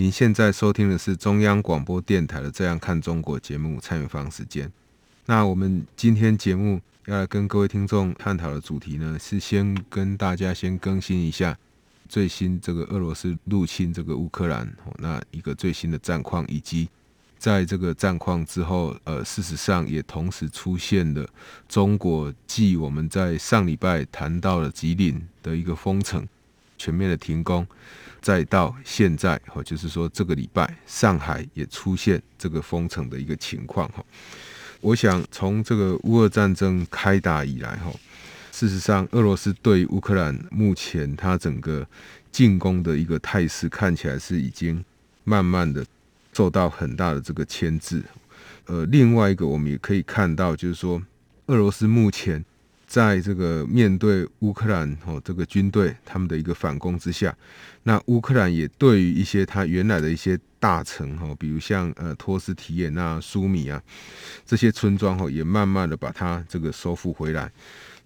您現在收聽的是中央廣播電臺的《這樣看中國》節目，蔡明芳時間。那我們今天節目要來跟各位聽眾探討的主題呢，是先跟大家先更新一下最新這個俄羅斯入侵這個烏克蘭那一個最新的戰況，以及在這個戰況之後，呃，事實上也同時出現了中國，繼我們在上禮拜談到了吉林的一個封城。全面的停工，再到現在哈，就是說這個禮拜上海也出現這個封城的一個情況哈。我想從這個烏俄戰爭開打以來哈，事實上俄羅斯對烏克蘭目前它整個進攻的一個態勢，看起來是已經慢慢的受到很大的這個牽制。呃，另外一個我們也可以看到，就是說俄羅斯目前。在這個面對烏克蘭哦，這個軍隊他們的一個反攻之下，那烏克蘭也對於一些他原來的一些大城哈，比如像呃托斯提也那、蘇米啊這些村莊哦，也慢慢的把它這個收復回來。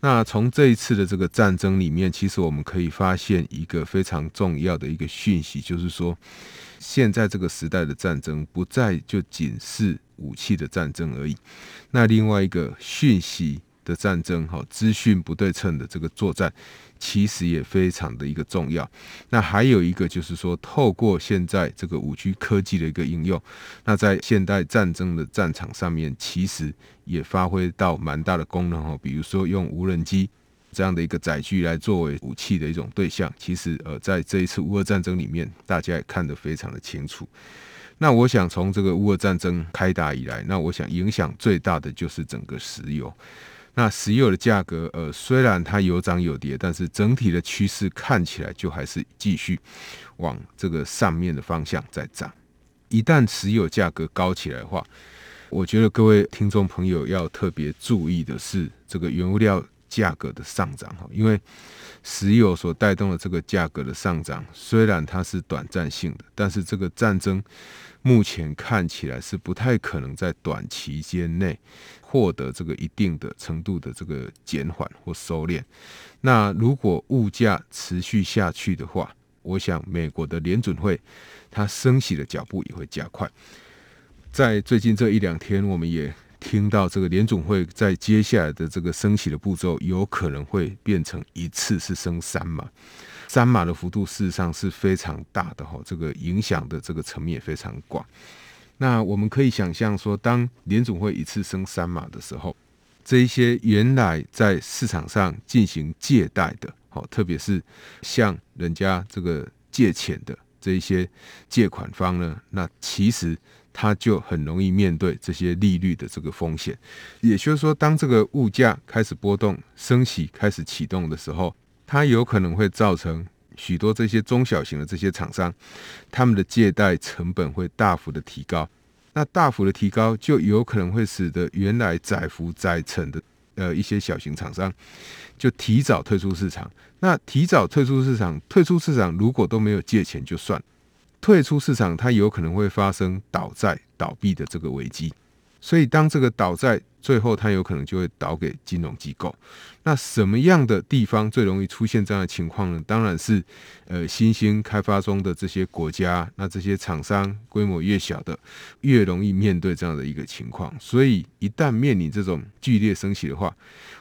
那從這一次的這個戰爭裡面，其實我們可以發現一個非常重要的一個訊息，就是說現在這個時代的戰爭不再就僅是武器的戰爭而已。那另外一個訊息。的戰爭哈，資訊不對稱的這個作戰，其實也非常的一個重要。那還有一個就是說，透過現在這個五 G 科技的一個應用，那在現代戰爭的戰場上面，其實也發揮到蠻大的功能哈。比如說用無人機這樣的一個載具來作為武器的一種對象，其實呃，在這一次烏俄戰爭裡面，大家也看得非常的清楚。那我想從這個烏俄戰爭開打以來，那我想影響最大的就是整個石油。那石油的價格，呃，雖然它有漲有跌，但是整體的趨勢看起來就還是繼續往這個上面的方向在漲。一旦石油價格高起來的話，我覺得各位聽眾朋友要特別注意的是，這個原物料。價格的上漲，因為石油所帶動的這個價格的上漲，雖然它是短暫性的，但是這個戰爭目前看起來是不太可能在短期間內獲得這個一定的程度的這個減緩或收斂。那如果物價持續下去的話，我想美國的聯準會它升息的腳步也會加快。在最近這一兩天，我們也。聽到這個聯準會在接下來的這個升息的步驟，有可能會變成一次是升三碼，三碼的幅度事實上是非常大的吼這個影響的這個層面也非常廣。那我們可以想象說，當聯準會一次升三碼的時候，這一些原來在市場上進行借貸的，好，特別是向人家這個借錢的這一些借款方呢，那其實。它就很容易面對這些利率的這個風險，也就是說，當這個物價開始波動、升息開始啟動的時候，它有可能會造成許多這些中小型的這些廠商，他們的借貸成本會大幅的提高。那大幅的提高，就有可能會使得原來載浮載沉的呃一些小型廠商，就提早退出市場。那提早退出市場，退出市場如果都沒有借錢就算了。退出市場，它有可能會發生倒債、倒閉的這個危機。所以，當這個倒債最後，它有可能就會倒給金融機構。那什麼樣的地方最容易出現這樣的情況呢？當然是呃新興開發中的這些國家。那這些廠商規模越小的，越容易面對這樣的一個情況。所以，一旦面臨這種劇烈升息的話，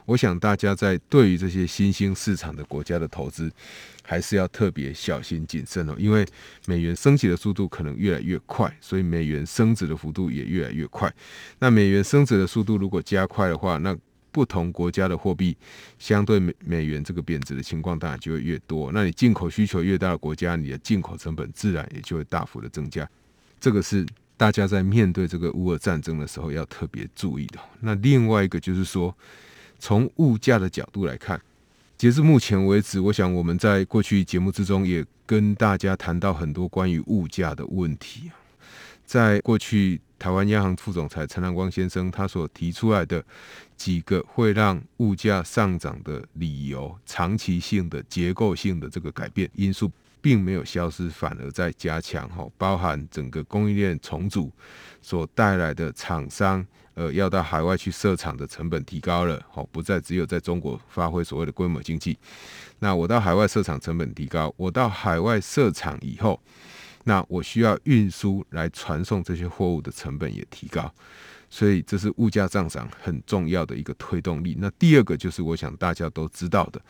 我想大家在對於這些新興市場的國家的投資。還是要特別小心謹慎哦，因為美元升值的速度可能越來越快，所以美元升值的幅度也越來越快。那美元升值的速度如果加快的話，那不同國家的貨幣相對美美元這個貶值的情況當然就會越多。那你進口需求越大的國家，你的進口成本自然也就會大幅的增加。這個是大家在面對這個烏俄戰爭的時候要特別注意的。那另外一個就是說，從物價的角度來看。截至目前為止，我想我們在過去節目之中也跟大家談到很多關於物價的問題。在過去，台灣央行副總裁陳南光先生他所提出來的幾個會讓物價上漲的理由，長期性的結構性的這個改變因素並沒有消失，反而在加強。哈，包含整個供應鏈重組所帶來的廠商。呃，要到海外去設廠的成本提高了，好，不再只有在中國發揮所謂的規模經濟。那我到海外設廠成本提高，我到海外設廠以後，那我需要運輸來傳送這些貨物的成本也提高，所以這是物價上漲很重要的一個推動力。那第二個就是我想大家都知道的，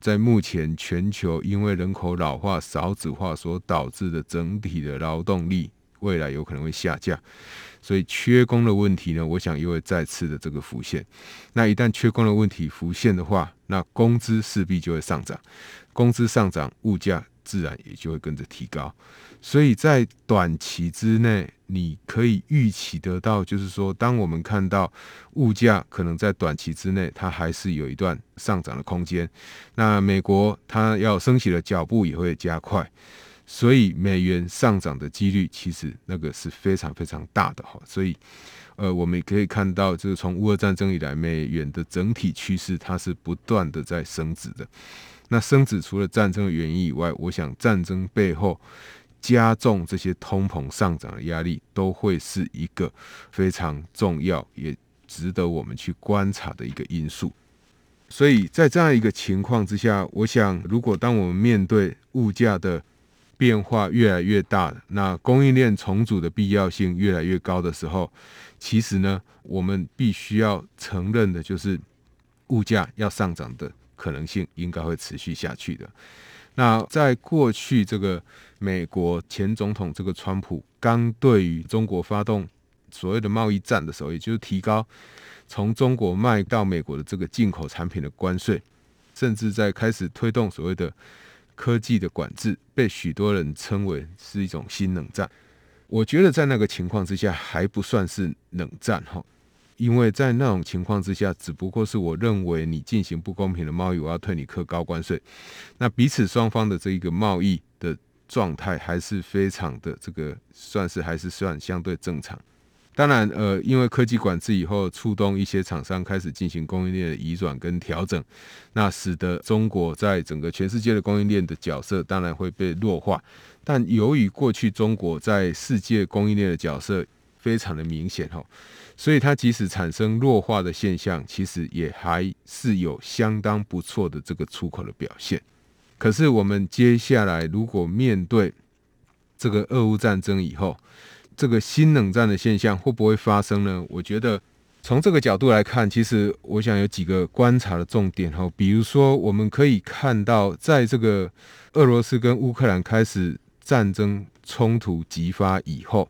在目前全球因為人口老化、少子化所導致的整體的勞動力，未來有可能會下降，所以缺工的問題呢，我想又會再次的這個浮現。那一旦缺工的問題浮現的話，那工資勢必就會上漲，工資上漲，物價自然也就會跟着提高。所以在短期之內，你可以預期得到，就是說，當我們看到物價可能在短期之內它還是有一段上漲的空間，那美國它要升息的腳步也會加快。所以美元上漲的幾率其實那個是非常非常大的哈。所以，呃，我們也可以看到，就是從烏俄戰爭以來，美元的整體趨勢它是不斷的在升值的。那升值除了戰爭的原因以外，我想戰爭背後加重這些通膨上漲的壓力，都會是一個非常重要也值得我們去觀察的一個因素。所以在這樣一個情況之下，我想如果當我們面對物價的變化越來越大，那供應鏈重組的必要性越來越高的時候，其實呢，我們必須要承認的就是，物價要上漲的可能性應該會持續下去的。那在過去，這個美國前總統這個川普剛對於中國發動所謂的貿易戰的時候，也就是提高從中國賣到美國的這個進口產品的關稅，甚至在開始推動所謂的。科技的管制被許多人稱為是一種新冷戰，我覺得在那個情況之下還不算是冷戰哈，因為在那種情況之下，只不過是我認為你進行不公平的貿易，我要退你課高關稅，那彼此雙方的這一個貿易的狀態還是非常的這個算是還是算相對正常。當然，呃，因為科技管制以後，觸動一些廠商開始進行供應鏈的移轉跟調整，那使得中國在整個全世界的供應鏈的角色，當然會被弱化。但由於過去中國在世界供應鏈的角色非常的明顯，所以它即使產生弱化的現象，其實也還是有相當不錯的這個出口的表現。可是我們接下來如果面對這個俄烏戰爭以後，這個新冷戰的現象會不會發生呢？我覺得從這個角度來看，其實我想有幾個觀察的重點哈。比如說，我們可以看到，在這個俄羅斯跟烏克蘭開始戰爭衝突激發以後，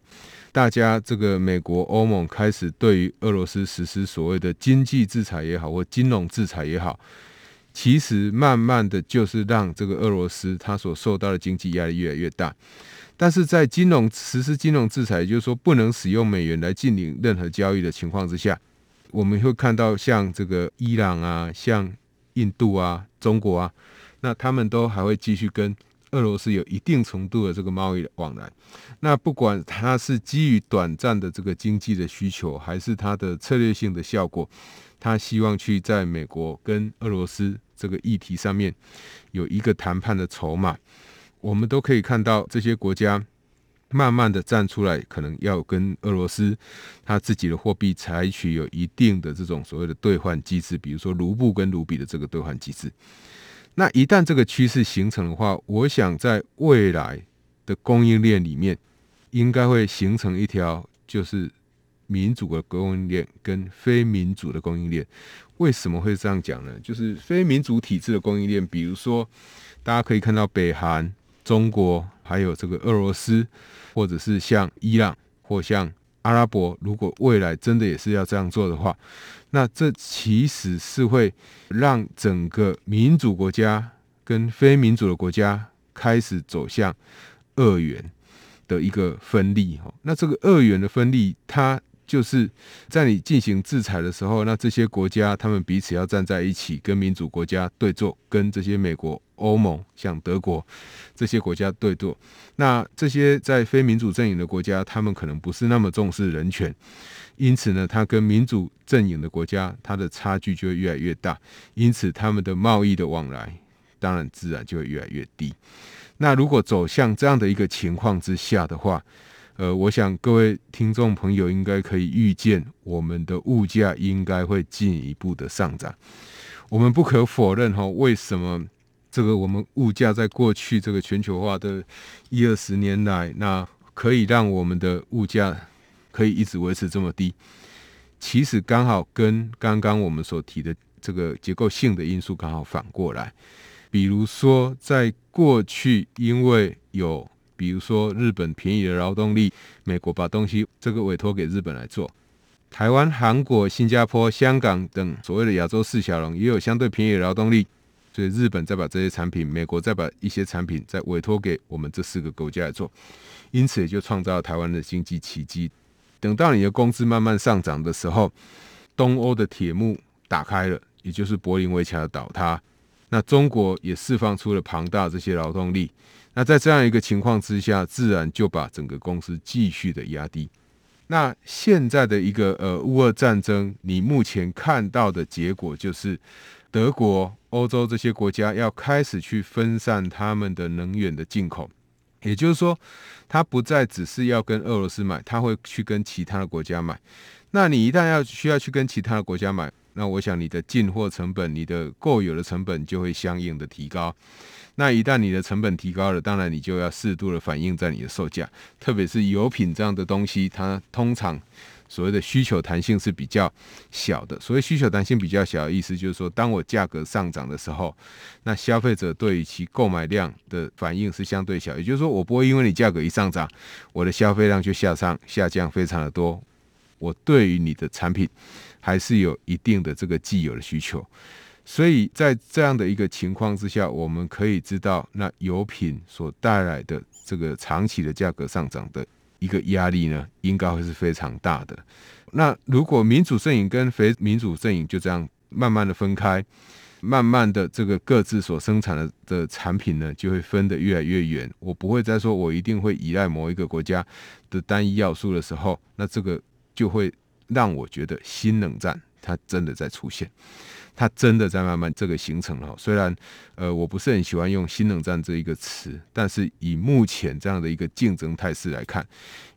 大家這個美國、歐盟開始對於俄羅斯實施所謂的經濟制裁也好，或金融制裁也好，其實慢慢的就是讓這個俄羅斯它所受到的經濟壓力越來越大。但是在金融實施金融制裁，也就是說不能使用美元來進行任何交易的情況之下，我們會看到像這個伊朗啊、像印度啊、中國啊，那他們都還會繼續跟俄羅斯有一定程度的這個貿易往來。那不管它是基於短暫的這個經濟的需求，還是它的策略性的效果，他希望去在美國跟俄羅斯這個議題上面有一個談判的籌碼。我們都可以看到，這些國家慢慢的站出來，可能要跟俄羅斯他自己的貨幣採取有一定的這種所謂的兌換機制，比如說盧布跟盧比的這個兌換機制。那一旦這個趨勢形成的話，我想在未來的供應鏈裡面，應該會形成一條就是民主的供應鏈跟非民主的供應鏈。為什麼會這樣講呢？就是非民主體制的供應鏈，比如說大家可以看到北韓。中國還有這個俄羅斯，或者是像伊朗或像阿拉伯，如果未來真的也是要這樣做的話，那這其實是會讓整個民主國家跟非民主的國家開始走向二元的一個分立。那這個二元的分立，它就是在你進行制裁的時候，那這些國家他們彼此要站在一起，跟民主國家對坐，跟這些美國。歐盟像德國這些國家對坐，那這些在非民主陣營的國家，他們可能不是那麼重視人權，因此呢，它跟民主陣營的國家，它的差距就會越來越大，因此他們的貿易的往來，當然自然就會越來越低。那如果走向這樣的一個情況之下的話，呃，我想各位聽眾朋友應該可以預見，我們的物價應該會進一步的上漲。我們不可否認哈，為什麼？這個我們物價在過去這個全球化的一二十年來，那可以讓我們的物價可以一直維持這麼低。其實剛好跟剛剛我們所提的這個結構性的因素剛好反過來。比如說在過去，因為有比如說日本便宜的勞動力，美國把東西這個委託給日本來做，台灣、韓國、新加坡、香港等所謂的亞洲四小龍也有相對便宜的勞動力。所以日本再把這些產品，美國再把一些產品再委託給我們這四個國家來做，因此也就創造了台灣的經濟奇蹟。等到你的工資慢慢上漲的時候，東歐的鐵幕打開了，也就是柏林圍牆的倒塌，那中國也釋放出了龐大這些勞動力。那在這樣一個情況之下，自然就把整個工資繼續的壓低。那現在的一個呃烏俄戰爭，你目前看到的結果就是德國。歐洲這些國家要開始去分散他們的能源的進口，也就是說，它不再只是要跟俄羅斯買，它會去跟其他的國家買。那你一旦要需要去跟其他的國家買，那我想你的進貨成本、你的購油的成本就會相應的提高。那一旦你的成本提高了，當然你就要適度的反映在你的售價，特別是油品這樣的東西，它通常。所謂的需求彈性是比較小的。所謂需求彈性比較小的意思，就是說，當我價格上漲的時候，那消費者對於其購買量的反應是相對小。也就是說，我不會因為你價格一上漲，我的消費量就下上下降非常的多。我對於你的產品還是有一定的這個既有的需求。所以在這樣的一個情況之下，我們可以知道，那油品所帶來的這個長期的價格上漲的一個壓力呢，應該會是非常大的。那如果民主陣營跟非民主陣營就這樣慢慢的分開，慢慢的這個各自所生產的的產品呢，就會分得越來越遠。我不會再說我一定會依賴某一個國家的單一要素的時候，那這個就會讓我覺得新冷戰它真的在出現。它真的在慢慢這個形成了，雖然，呃，我不是很喜歡用“新冷戰”這一個詞，但是以目前這樣的一個競爭態勢來看，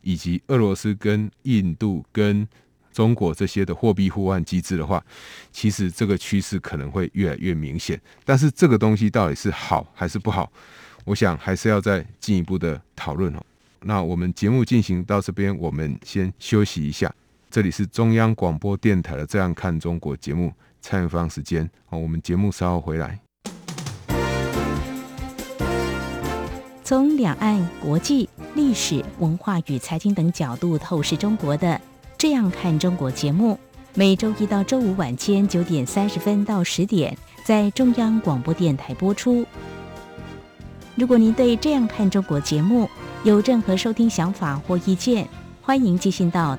以及俄羅斯跟印度跟中國這些的貨幣互換機制的話，其實這個趨勢可能會越來越明顯。但是這個東西到底是好還是不好，我想還是要再進一步的討論哦。那我們節目進行到這邊，我們先休息一下。這裡是中央廣播電臺的《這樣看中國》節目蔡明芳時間。好，我們節目稍後回來。從兩岸、國際、歷史、文化與財經等角度透視中國的《這樣看中國》節目，每周一到周五晚間九點三十分到十點在中央廣播電臺播出。如果您對《這樣看中國》節目有任何收聽想法或意見，歡迎寄信到。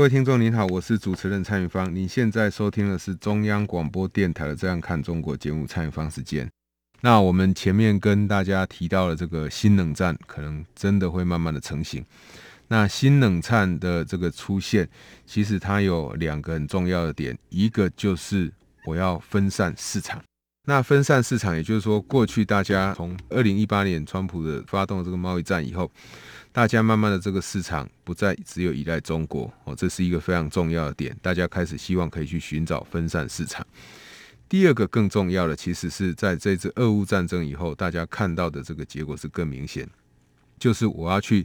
各位聽眾，您好，我是主持人蔡明芳。你現在收聽的是中央廣播電臺的《這樣看中國》節目，蔡明芳時間。那我們前面跟大家提到了這個新冷戰，可能真的會慢慢的成型。那新冷戰的這個出現，其實它有兩個很重要的點，一個就是我要分散市場。那分散市場，也就是說，過去大家從二零一八年川普的發動這個貿易戰以後，大家慢慢的這個市場不再只有依賴中國哦，這是一個非常重要的點，大家開始希望可以去尋找分散市場。第二個更重要的，其實是在這次俄烏戰爭以後，大家看到的這個結果是更明顯，就是我要去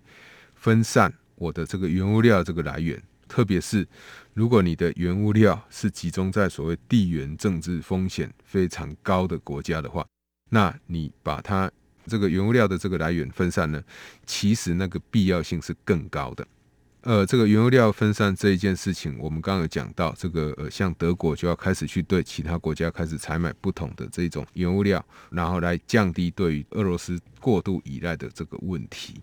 分散我的這個原物料這個來源。特別是如果你的原物料是集中在所謂地緣政治風險非常高的國家的話，那你把它這個原物料的這個來源分散呢，其實那個必要性是更高的。呃，這個原物料分散這一件事情，我們剛剛有講到，這個呃，像德國就要開始去對其他國家開始採買不同的這種原物料，然後來降低對於俄羅斯過度依賴的這個問題。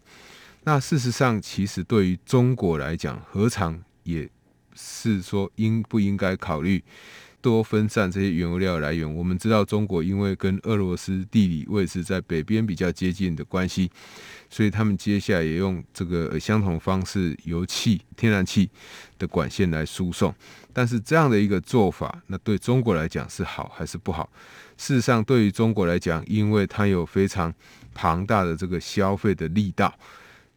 那事實上，其實對於中國來講，何嘗？也是說，應不應該考慮多分散這些原物料來源？我們知道，中國因為跟俄羅斯地理位置在北邊比較接近的關係，所以他們接下來也用這個相同方式，油氣、天然氣的管線來輸送。但是這樣的一個做法，那對中國來講是好還是不好？事實上，對於中國來講，因為它有非常龐大的這個消費的力道。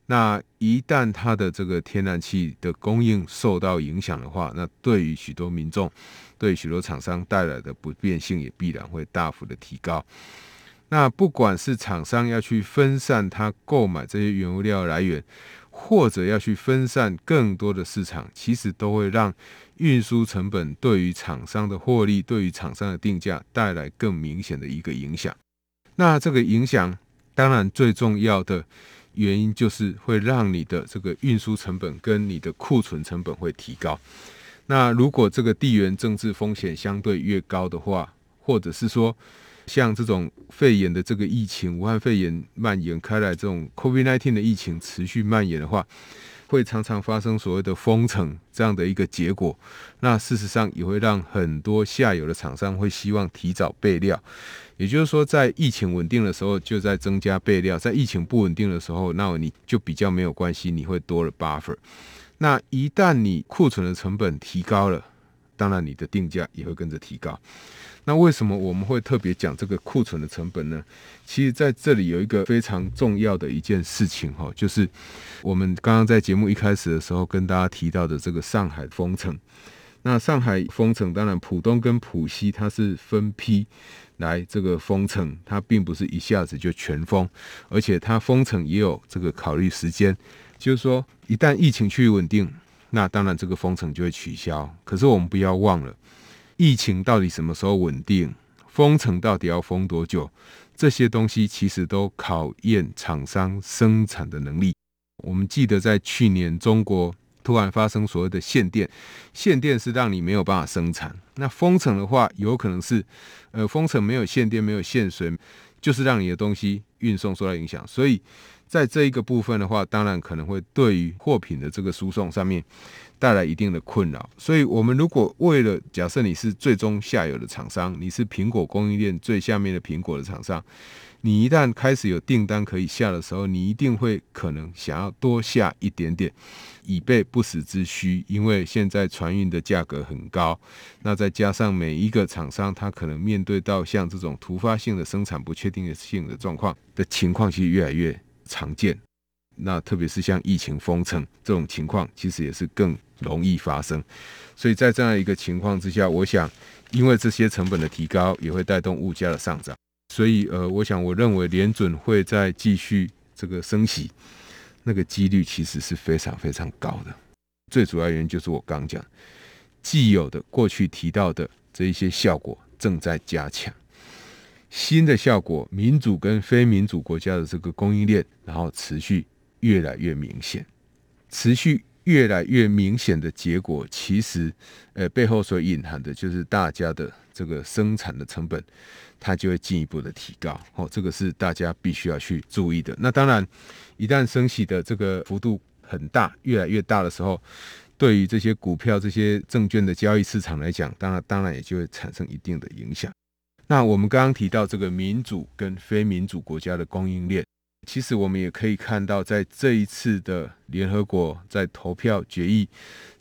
那一旦它的這個天然氣的供應受到影響的話，那對於許多民眾、對許多廠商帶來的不便性也必然會大幅的提高。那不管是廠商要去分散它購買這些原物料來源，或者要去分散更多的市場，其實都會讓運輸成本對於廠商的獲利、對於廠商的定價帶來更明顯的一個影響。那這個影響，當然最重要的。原因就是會讓你的這個運輸成本跟你的庫存成本會提高。那如果這個地緣政治風險相對越高的話，或者是說像這種肺炎的這個疫情，武漢肺炎蔓延開來，這種 COVID-19 的疫情持續蔓延的話，會常常發生所謂的封城這樣的一個結果，那事實上也會讓很多下游的廠商會希望提早備料，也就是說，在疫情穩定的時候就在增加備料，在疫情不穩定的時候，那你就比較沒有關係，你會多了 buffer。那一旦你庫存的成本提高了，當然你的定價也會跟着提高。那為什麼我們會特別講這個庫存的成本呢？其實，在這裡有一個非常重要的一件事情哈，就是我們剛剛在節目一開始的時候跟大家提到的這個上海封城。那上海封城，當然浦東跟浦西它是分批來這個封城，它並不是一下子就全封，而且它封城也有這個考慮時間，就是說一旦疫情趨於穩定，那當然這個封城就會取消。可是我們不要忘了。疫情到底什麼時候穩定？封城到底要封多久？這些東西其實都考驗廠商生產的能力。我們記得在去年，中國突然發生所謂的限電，限電是讓你沒有辦法生產。那封城的話，有可能是，呃，封城沒有限電，沒有限水，就是讓你的東西運送受到影響。所以，在這一個部分的話，當然可能會對於貨品的這個輸送上面。帶來一定的困擾，所以，我們如果為了，假設，你是最終下游的廠商，你是蘋果供應鏈最下面的蘋果的廠商，你一旦開始有訂單可以下的時候，你一定會可能想要多下一點點，以備不時之需，因為現在船運的價格很高，那再加上每一個廠商他可能面對到像這種突發性的生產不確定性的狀況的情況其實越來越常見。那特別是像疫情封城這種情況，其實也是更容易發生。所以在這樣一個情況之下，我想，因為這些成本的提高也會帶動物價的上漲，所以呃，我想我認為聯準會再繼續這個升息，那個幾率其實是非常非常高的。最主要原因就是我剛講，既有的過去提到的這一些效果正在加強，新的效果，民主跟非民主國家的這個供應鏈，然後持續。越來越明顯，持續越來越明顯的結果，其實，呃，背後所隱含的就是大家的這個生產的成本，它就會進一步的提高。哦，這個是大家必須要去注意的。那當然，一旦升息的這個幅度很大，越來越大的時候，對於這些股票、這些證券的交易市場來講，當然，當然也就會產生一定的影響。那我們剛剛提到這個民主跟非民主國家的供應鏈。其實我們也可以看到，在這一次的聯合國在投票決議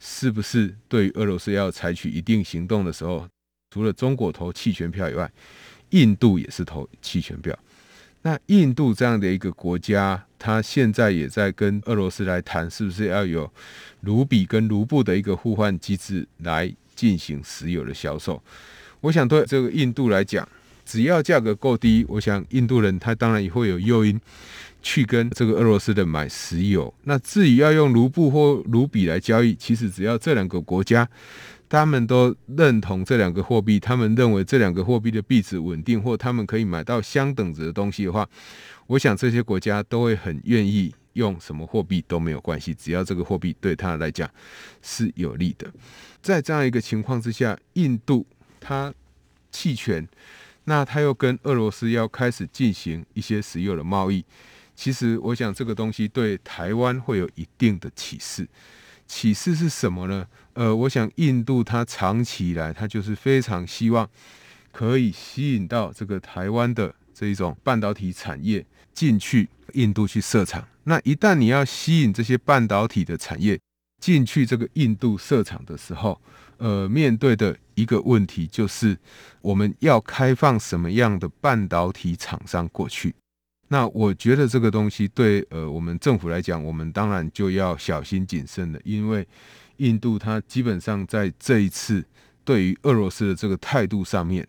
是不是對於俄羅斯要採取一定行動的時候，除了中國投棄權票以外，印度也是投棄權票。那印度這樣的一個國家，它現在也在跟俄羅斯來談，是不是要有盧比跟盧布的一個互換機制來進行石油的銷售？我想對這個印度來講。只要價格夠低，我想印度人他當然也會有誘因去跟這個俄羅斯的買石油。那至於要用盧布或盧比來交易，其實只要這兩個國家他們都認同這兩個貨幣，他們認為這兩個貨幣的幣值穩定，或他們可以買到相等值的東西的話，我想這些國家都會很願意用什麼貨幣都沒有關係，只要這個貨幣對他來講是有利的。在這樣一個情況之下，印度他棄權。那他又跟俄羅斯要開始進行一些石油的貿易，其實我想這個東西對台灣會有一定的啟示。啟示是什麼呢？呃，我想印度它長期以來，它就是非常希望可以吸引到這個台灣的這一種半導體產業進去印度去設廠。那一旦你要吸引這些半導體的產業進去這個印度設廠的時候，呃，面對的一個問題就是，我們要開放什麼樣的半導體廠商過去？那我覺得這個東西對呃我們政府來講，我們當然就要小心謹慎了，因為印度它基本上在這一次對於俄羅斯的這個態度上面，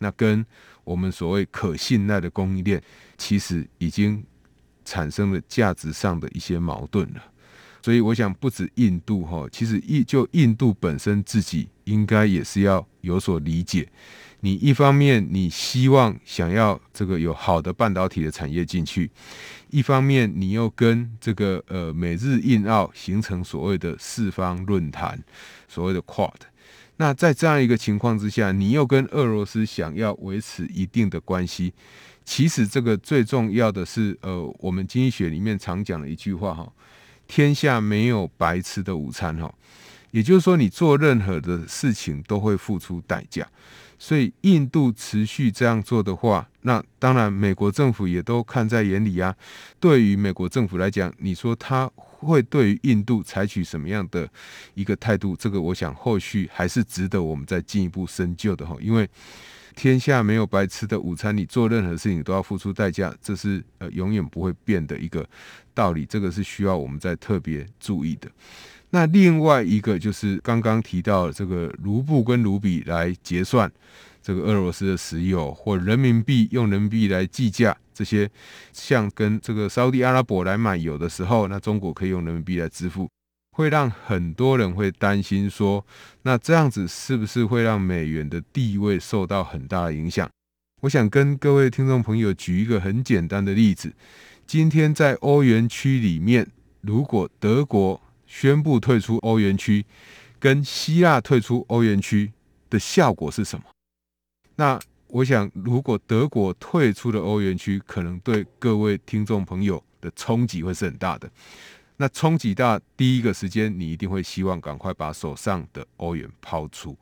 那跟我們所謂可信賴的供應鏈，其實已經產生了價值上的一些矛盾了。所以我想，不止印度哈，其實印就印度本身自己應該也是要有所理解。你一方面你希望想要這個有好的半導體的產業進去，一方面你又跟這個呃美日印澳形成所謂的四方論壇，所謂的 Quad。那在這樣一個情況之下，你又跟俄羅斯想要維持一定的關係，其實這個最重要的是呃，我們經濟學裡面常講的一句話哈。天下沒有白吃的午餐，哈，也就是說，你做任何的事情都會付出代價。所以，印度持續這樣做的話，那當然美國政府也都看在眼裡啊。對於美國政府來講，你說他，會對於印度採取什麼樣的一個態度？這個我想後續還是值得我們再進一步深究的哈。因為天下沒有白吃的午餐，你做任何事情都要付出代價，這是呃永遠不會變的一個道理。這個是需要我們再特別注意的。那另外一個就是剛剛提到的這個盧布跟盧比來結算這個俄羅斯的石油，或人民幣用人民幣來計價。這些像跟這個沙烏地阿拉伯來買油的時候，那中國可以用人民幣來支付，會讓很多人會擔心說，那這樣子是不是會讓美元的地位受到很大的影響？我想跟各位聽眾朋友舉一個很簡單的例子：今天在歐元區裡面，如果德國宣布退出歐元區，跟希臘退出歐元區的效果是什麼？那，我想，如果德國退出了歐元區，可能對各位聽眾朋友的衝擊會是很大的。那衝擊大，第一個時間你一定會希望趕快把手上的歐元拋出，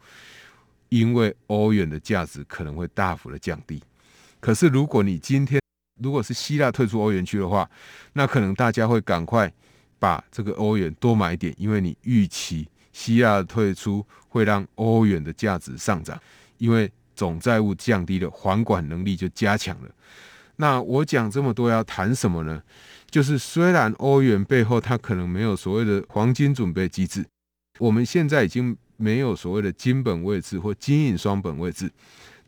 因為歐元的價值可能會大幅的降低。可是，如果你今天如果是希臘退出歐元區的話，那可能大家會趕快把這個歐元多買一點，因為你預期希臘退出會讓歐元的價值上漲，因為。總債務降低了，還款能力就加強了。那我講這麼多要談什麼呢？就是雖然歐元背後它可能沒有所謂的黃金準備機制，我們現在已經沒有所謂的金本位制或金銀雙本位制，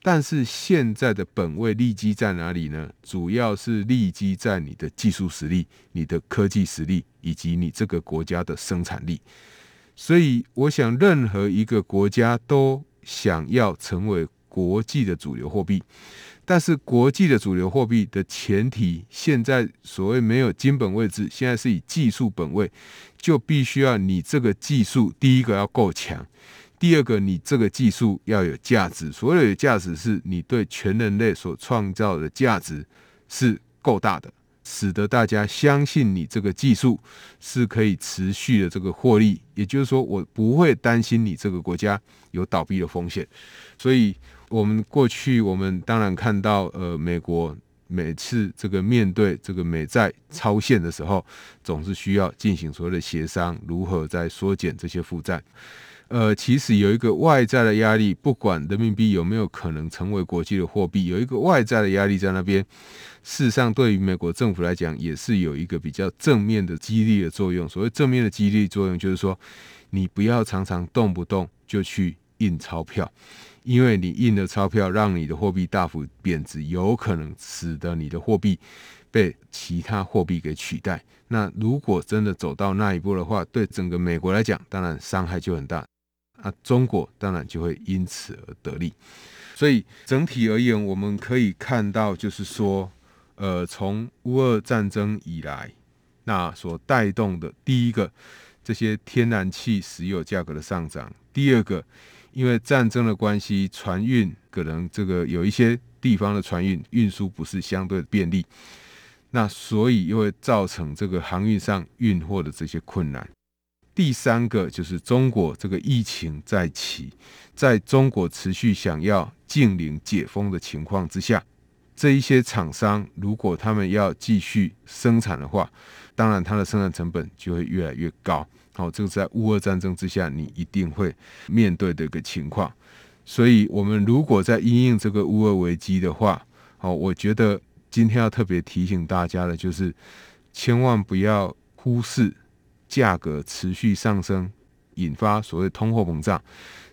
但是現在的本位立基在哪裡呢？主要是立基在你的技術實力、你的科技實力以及你這個國家的生產力。所以，我想任何一個國家都想要成為。國際的主流貨幣，但是國際的主流貨幣的前提，現在所謂沒有金本位制，現在是以技術本位，就必須要你這個技術第一個要夠強，第二個你這個技術要有價值。所謂的價值是，你對全人類所創造的價值是夠大的，使得大家相信你這個技術是可以持續的這個獲利。也就是說，我不會擔心你這個國家有倒閉的風險，所以。我們過去，我們當然看到，呃，美國每次這個面對這個美債超限的時候，總是需要進行所謂的協商，如何在縮減這些負債。呃，其實有一個外債的壓力，不管人民幣有沒有可能成為國際的貨幣，有一個外債的壓力在那邊。事實上，對於美國政府來講，也是有一個比較正面的激勵的作用。所謂正面的激勵作用，就是說，你不要常常動不動就去印鈔票。因為你印的鈔票，讓你的貨幣大幅貶值，有可能使得你的貨幣被其他貨幣給取代。那如果真的走到那一步的話，對整個美國來講，當然傷害就很大。啊，中國當然就會因此而得利。所以整體而言，我們可以看到，就是說，呃，從烏俄戰爭以來，那所帶動的第一個，這些天然氣、石油價格的上漲，第二個。因為戰爭的關係，船運可能這個有一些地方的船運運輸不是相對便利，那所以又會造成這個航運上運貨的這些困難。第三個就是中國這個疫情再起，在中國持續想要清零解封的情況之下，這一些廠商如果他們要繼續生產的話，當然它的生產成本就會越來越高。好、哦，這個在烏俄戰爭之下，你一定會面對的一個情況。所以，我們如果在因應這個烏俄危機的話、哦，好，我覺得今天要特別提醒大家的，就是千萬不要忽視價格持續上升引發所謂通貨膨脹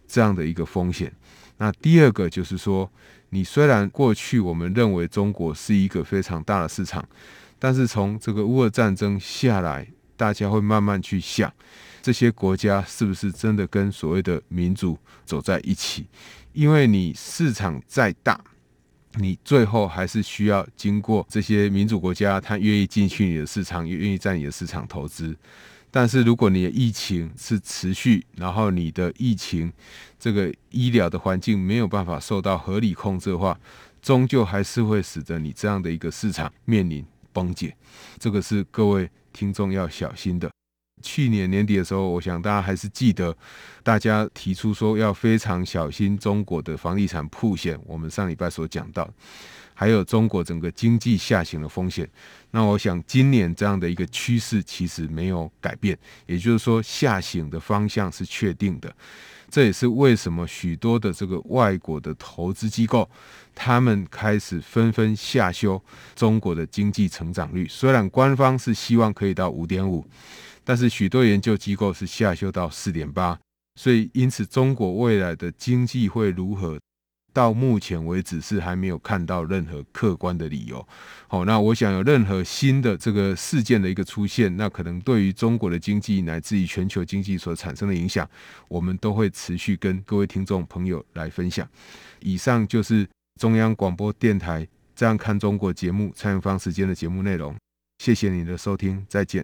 這樣的一個風險。那第二個就是說，你雖然過去我們認為中國是一個非常大的市場，但是從這個烏俄戰爭下來。大家會慢慢去想，這些國家是不是真的跟所謂的民主走在一起？因為你市場再大，你最後還是需要經過這些民主國家，他願意進去你的市場，也願意在你的市場投資。但是如果你的疫情是持續，然後你的疫情這個醫療的環境沒有辦法受到合理控制的話，終究還是會使得你這樣的一個市場面臨崩解。這個是各位。聽眾要小心的。去年年底的時候，我想大家還是記得，大家提出說要非常小心中國的房地產曝險，我們上禮拜所講到，還有中國整個經濟下行的風險。那我想今年這樣的一個趨勢其實沒有改變，也就是說下行的方向是確定的。這也是為什麼許多的這個外國的投資機構，他們開始紛紛下修中國的經濟成長率。雖然官方是希望可以到五點五。但是許多研究機構是下修到四點八，所以因此中國未來的經濟會如何，到目前為止是還沒有看到任何客觀的理由。好、哦，那我想有任何新的這個事件的一個出現，那可能對於中國的經濟乃至於全球經濟所產生的影響，我們都會持續跟各位聽眾朋友來分享。以上就是中央廣播電台《這樣看中國》節目蔡明芳時間的節目內容。謝謝你的收聽，再見。